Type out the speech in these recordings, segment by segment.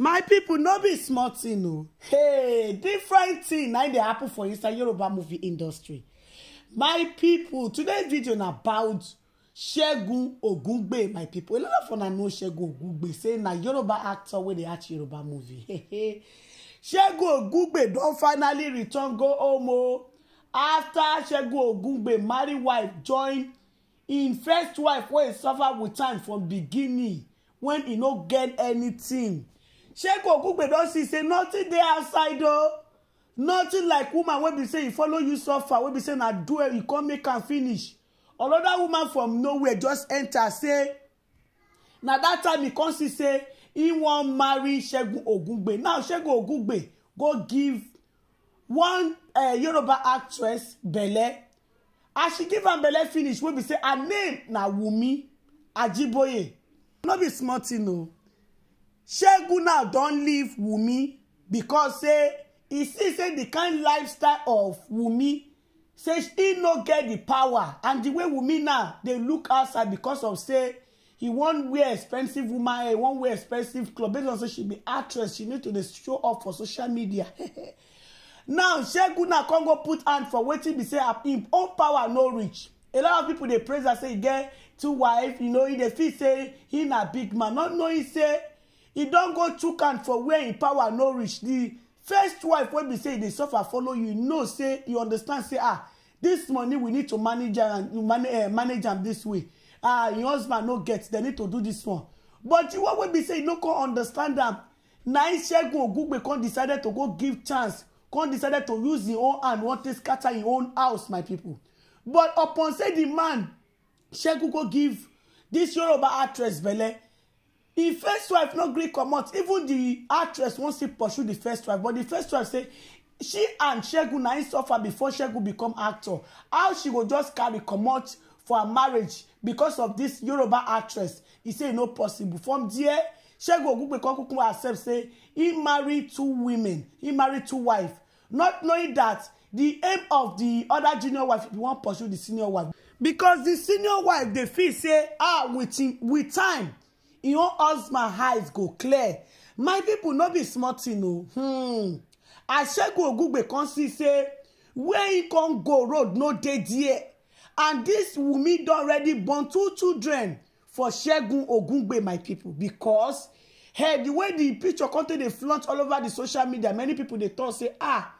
my people no be small thing o oh. hey different thing na dey happen for inside yoruba movie industry my people Today's video na about segun Ogunbe, my people a lot of una know segun Ogunbe. say na yoruba actor wey they act yoruba movie segun Ogunbe don't finally return go home o oh. after segun Ogunbe marry wife join in first wife he suffer with time from beginning when he no get anything shey kokugbe don see say nothing dey outside o oh. nothing like woman wey be say e follow you suffer wey be say na do e come make am finish another woman from nowhere just enter say na that time e come see say e wan marry segun ogungbe now segun ogungbe go give one uh, yoruba actress belle as she give am belle finish wey be say her name na Wumi ajiboye no be small thing o. Oh. No shegu now don leave wunmi because say e see say the kind lifestyle of wunmi say she no get the power and the way wunmi now they look outside because of say he wan wear expensive woman he e wear expensive clothes based on say she be actress she need to show off for social media now shegu now come go put hand for waiting be say im own power no reach a lot of people they praise am say e get two wife you know he dey feel say he na big man not knowing say e don go chook hand for where im power no reach The first wife wey be say e dey suffer follow you know say you understand say ah this money we need to manage am eh, this way ah your husband no get dem need to do this one but you one wey be say you no come understand am na im segun ogugbe come decided to go give chance come decided to use im own hand want to scatter im own house my people. but upon say the man segun go give this yoruba actress belle the first wife no gree comot even the actress wan still pursue the first wife but the first wife say she and segun na im suffer before segun become actor how she go just carry comot for her marriage because of this yoruba actress He say e no possible from there segun ogungbe kan kúkú accept say he marry two women he marry two wife not knowing that the aim of the other junior wife if you wan pursue the senior wife because the senior wife dey feel say ah with, with time im own husband eyes go clear my people no be small tin o oh. hmm asegu ogugbe come see say where e come go road no dey there and this wunmi don already born two children for segun ogungbe my people because hey eh, the way the picture content dey flaunt all over the social media many people dey talk say ah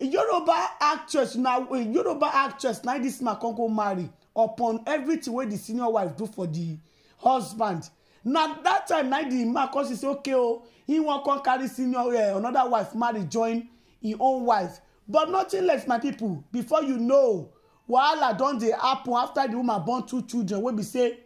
yoruba actress na yoruba actress na this man come go marry upon everything wey the senior wife do for the husband na that time na the man come see say okay o oh. he wan come carry senior uh, another wife marry join him own wife but nothing less my people before you know wahala don dey happen after the woman born two children wey be say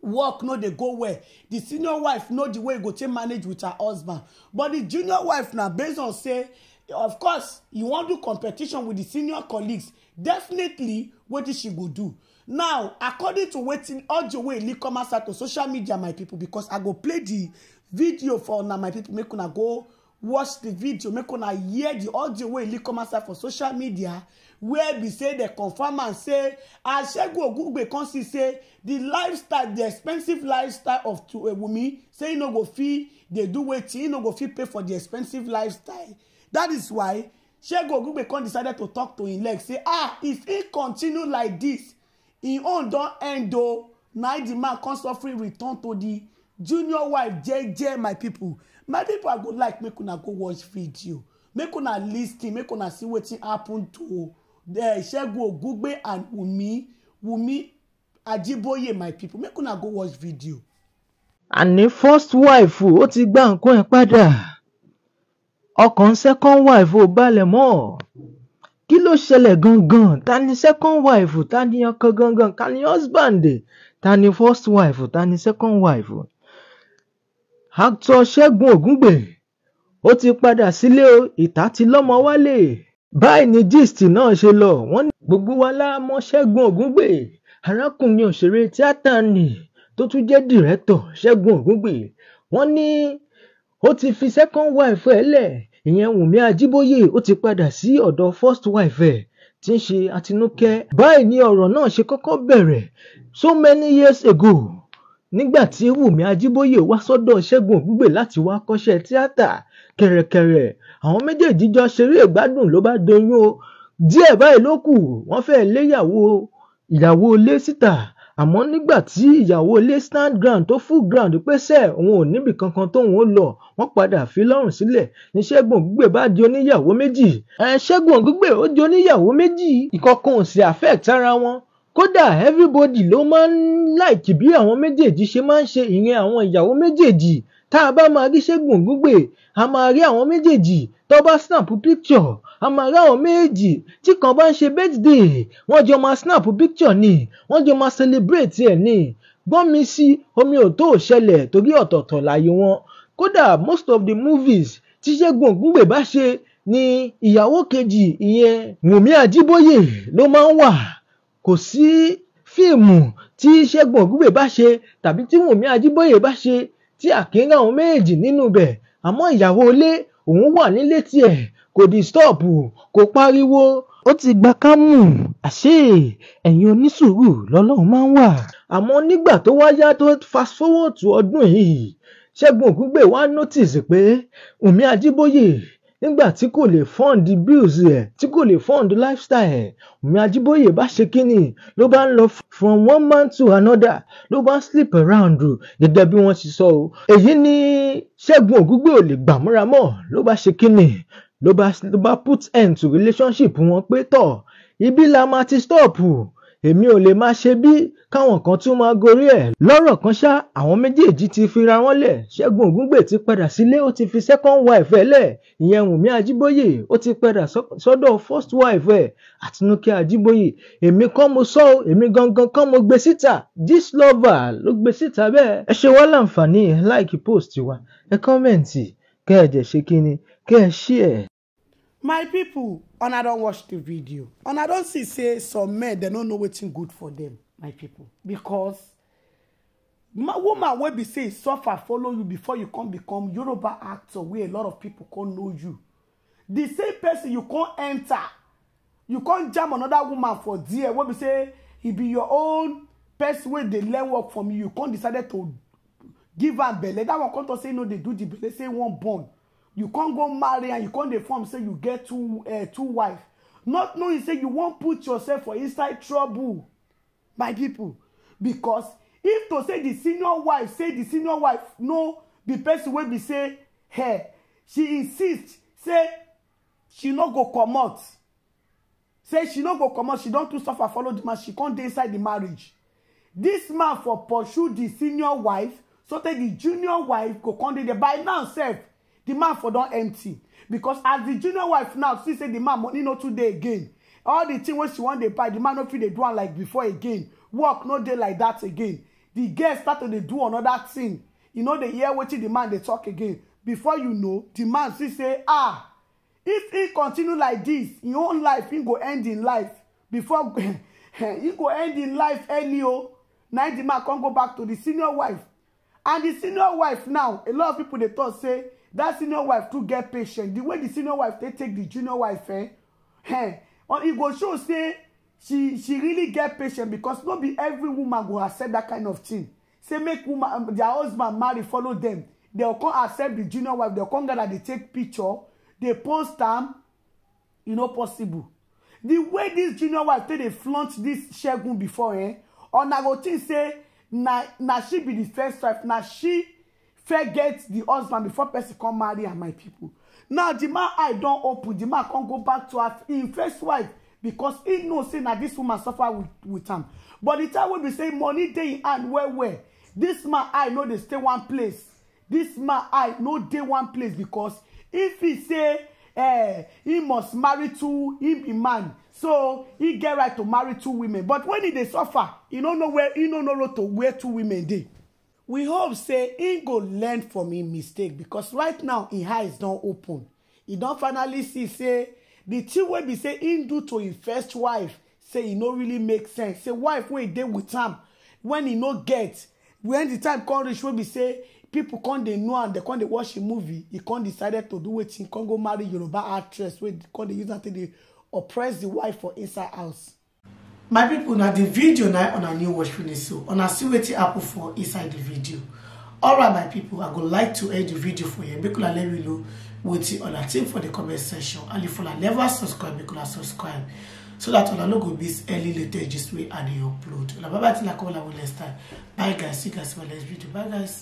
work no dey go well the senior wife know the way e go take manage with her husband but the junior wife na based on say of course you wan do competition with the senior colleagues definitely wetin she go do now according to wetin audio way, leak come outside to social media my people, because i go play the video for una my people make una go watch the video make una hear di audio way, leak come outside for social media where be say dem confam am say asegun ogungbe come see say the lifestyle the expensive lifestyle of eh, wumi say e no go fit dey do wetin e no go fit pay for the expensive lifestyle That is why segun ogungbe come decided to talk to him leg say ah if e continue like this? im own don end o na the man come suffering return to the junior wife jeje my people my people i go like make una go watch video make una lis ten make una see wetin happen to segun eh, ogugbe and wunmi wunmi ajiboye my people make una go watch video. àní first wife oh, ó ti gba nǹkan ẹ̀ padà ọkàn second wife ò balẹ̀ mọ́ kí ló ṣẹlẹ̀ gangan ta ni second wife ta ni ọkọ gangan ta ni husband ta ni first wife ta ni second wife actor Ṣẹ́gun Ògúngbè ó ti padà sílé o ìta ti lọ́mọ wálé báyìí ni gist náà ṣe lọ wọ́n ní gbogbo wa la mọ̀ Ṣẹ́gun Ògúngbè arákùnrin òṣèré tíátà nì tó tún jẹ́ dìrẹ́tọ̀ Ṣẹ́gun Ògúngbè wọ́n ní ó ti fi second wife ẹ̀ lẹ̀ ìyẹn Wùnmí Ajíbóyè ó ti padà sí ọ̀dọ̀ first wife ẹ̀ tí ń ṣe Àtinúkẹ́. Báyìí ni ọ̀rọ̀ náà ṣe kọ́kọ́ bẹ̀rẹ̀ so many years ago nígbà tí Wùnmí Ajíbóyè wá sọ́dọ̀ Ṣẹ́gun Ògúngbè láti wá kọ́ṣẹ́ tíátà kẹ̀rẹ̀kẹ̀rẹ̀ àwọn méjèèjì jọ ṣeré ìgbádùn ló bá doyún o díẹ̀ báyìí ló kù wọ́n fẹ́ léyàwó ìyàwó ilé síta Àmọ́ nígbà tí ìyàwó ilé Snodgrass tó Fulham pé ṣé òun ò níbì kankan tóun ó lọ, wọ́n padà fi lọ́rùn sílẹ̀ ni Ṣẹ́gun Ògúngbè bá di oníyàwó méjì. Ṣẹ́gun Ògúngbè ó di oníyàwó méjì, ìkankan ò sì affect ara wọn. Kódà everybody ló máa ń like bí àwọn méjèèjì ṣe máa ń ṣe ìyẹn àwọn ìyàwó méjèèjì. Tá a bá máa rí Ṣẹ́gun Ògúngbè, a máa rí àwọn méjèèjì. Tó bá snap picture, a máa rí àwọn méjèèjì. Tí kan bá ń ṣe birthday, wọ́n jọ máa snap picture ni, wọ́n jọ máa celebrate ẹ̀ ni. Gbọ́n mi sí omi ò tó ṣẹlẹ̀ torí ọ̀tọ̀ọ̀tọ̀ láyé wọn. Kódà most of the movies tí Ṣẹ́gun Ògúngbè bá ṣe ni ìyàwó kejì ìyẹn Wùnmí Ajíbóyè ló máa ń wà. Kò sí fíìmù tí Ṣẹ́gun Ògúngbè bá ṣe tàbí tí Wùnmí Ajíbóyè bá ṣe tí a kì í rí àwọn méjèèjì nínú bẹ̀. Àmọ́ ìyàwó ilé, òun wà nílé tiẹ̀, kò dìstọ́ọ̀bù, kò pariwo, ó ti gba kámú. Àṣé ẹ̀yin onísùúrù lọ́lọ́run máa ń wà. Àmọ́ nígbà tó wá tó fast forward to ọdún yìí, Ṣẹ́gun Ògúngbè wá notice pé Wùnmí Ajíbóyè nígbà tí kò lè fund bills ẹ̀ tí kò lè fund lifestyle ẹ̀ Wùmí Ajíbóyè bá ṣe kíni ló bá ń lọ from one man to another ló bá ń sleep around gẹ́gẹ́ bí wọ́n ti sọ o èyí ni Ṣẹ́gun Ògúngbè ò lè gbàmúra mọ́ ló bá ṣe kíni ló bá put end to relationship wọn pé tọ̀ ibi la máa ti stop èmi ò lè máa ṣe bí káwọn kan tún máa gorí ẹ̀. lọ́rọ̀ kan ṣá àwọn méjèèjì ti fira wọn lẹ̀ ṣẹ́gun ògúngbè ti padà sílé ó ti fi second wife ẹ̀ lẹ̀ ìyẹn wùnmí ajíbóyè ó ti padà sọ́dọ̀ first wife ẹ̀ àtinúkẹ́ ajíbóyè èmi kọ́ mo sọ ọ́ èmi gangan kọ́ mo gbé síta dis lover ló gbé síta bẹ́ẹ̀. ẹ ṣe wá láǹfààní like post wa ẹ kọ́mẹ̀ǹtì kẹ́ ẹ jẹ́ ṣe kí ni kẹ́ ẹ ṣí ẹ̀ my pipo una don watch the video una don see say some men dem no know wetin good for them. my people, because becos woman wey be say suffer follow you before you come become yoruba actor wey a lot of people con know you The same person you con enter you con jam another woman for there wey be say he be your own person wey dey learn work from you you con decided to give am belle that one come talk say no dey do the belle say e wan born you con go marry and you con dey form say you get two eh, two wife not knowing say you wan put yourself for inside trouble my people, because if to say the senior wife say the senior wife no the person wey be say her she insist say she no go comot say she no go comot she don too suffer follow the man she con dey inside the marriage This man for pursue the senior wife so tey the junior wife go con dey there by now sef the man for don empty because as the junior wife now see say the man money no too dey again all the thing wey she wan dey buy the man no fit dey do am like before again work no dey like that again the girl start to dey do another thing you no dey hear wetin the man dey talk again before you know the man see say ah if he continue like this him own life he go end him life before he go end him life early o na the man come go back to the senior wife and the senior wife now a lot of people dey talk say that senior wife too get patient the way the senior wife take take the junior wife eh, eh e go show say she she really get patient because no be every woman go accept that kind of thing say make woman um, their husband marry follow them they go come accept the junior wife they go come gather dey take picture dey post am e no possible the way this junior wife take dey flaunt this segun before eh una go think say na na she be the first wife na she first get the husband before person come marry her my people now the man I don't open the man can't go back to her him first wife because he knows that this woman suffer with with am but the time wey be saying money day and where where? this man I know they stay one place this man I know day one place because if he say eh he must marry two he be man so he get right to marry two women but when he they suffer he no know where he no know road to where two women dey we hope say him go learn from him mistake because right now him eyes don open He don finally see say the thing wey be say him do to him first wife say e no really make sense say wife wey dey with am when e no get when the time come reach wey be say people come dey know am dem come dey watch im movie He come decided to do wetin come go marry yoruba actress wey come dey use am take dey oppress the wife for inside house my people, now the video now on a new watch finish so on a see wetin happen for inside the video alright my people, i go like to end the video for you. make una let me know on una team for the comment section and if una never subscribe make una subscribe so that on no logo miss early later just wey i dey upload una bye bye i come una next bye guys see you guys for next video bye guys.